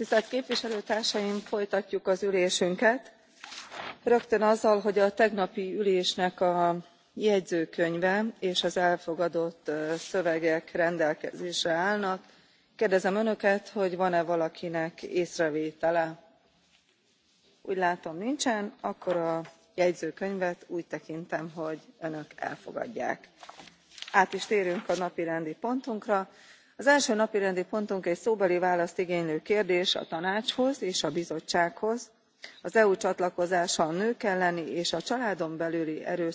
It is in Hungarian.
tisztelt képviselőtársaim folytatjuk az ülésünket rögtön azzal hogy a tegnapi ülésnek a jegyzőkönyve és az elfogadott szövegek rendelkezésre állnak. kérdezem önöket hogy van e valakinek észrevétele? úgy látom nincsen akkor a jegyzőkönyvet úgy tekintem hogy önök elfogadják. át is térünk a napirendi pontunkra az első napirendi pontunk egy szóbeli választ igénylő kérdés a tanácshoz és a bizottsághoz az eu csatlakozása a nők elleni és a családon belüli erőszak elleni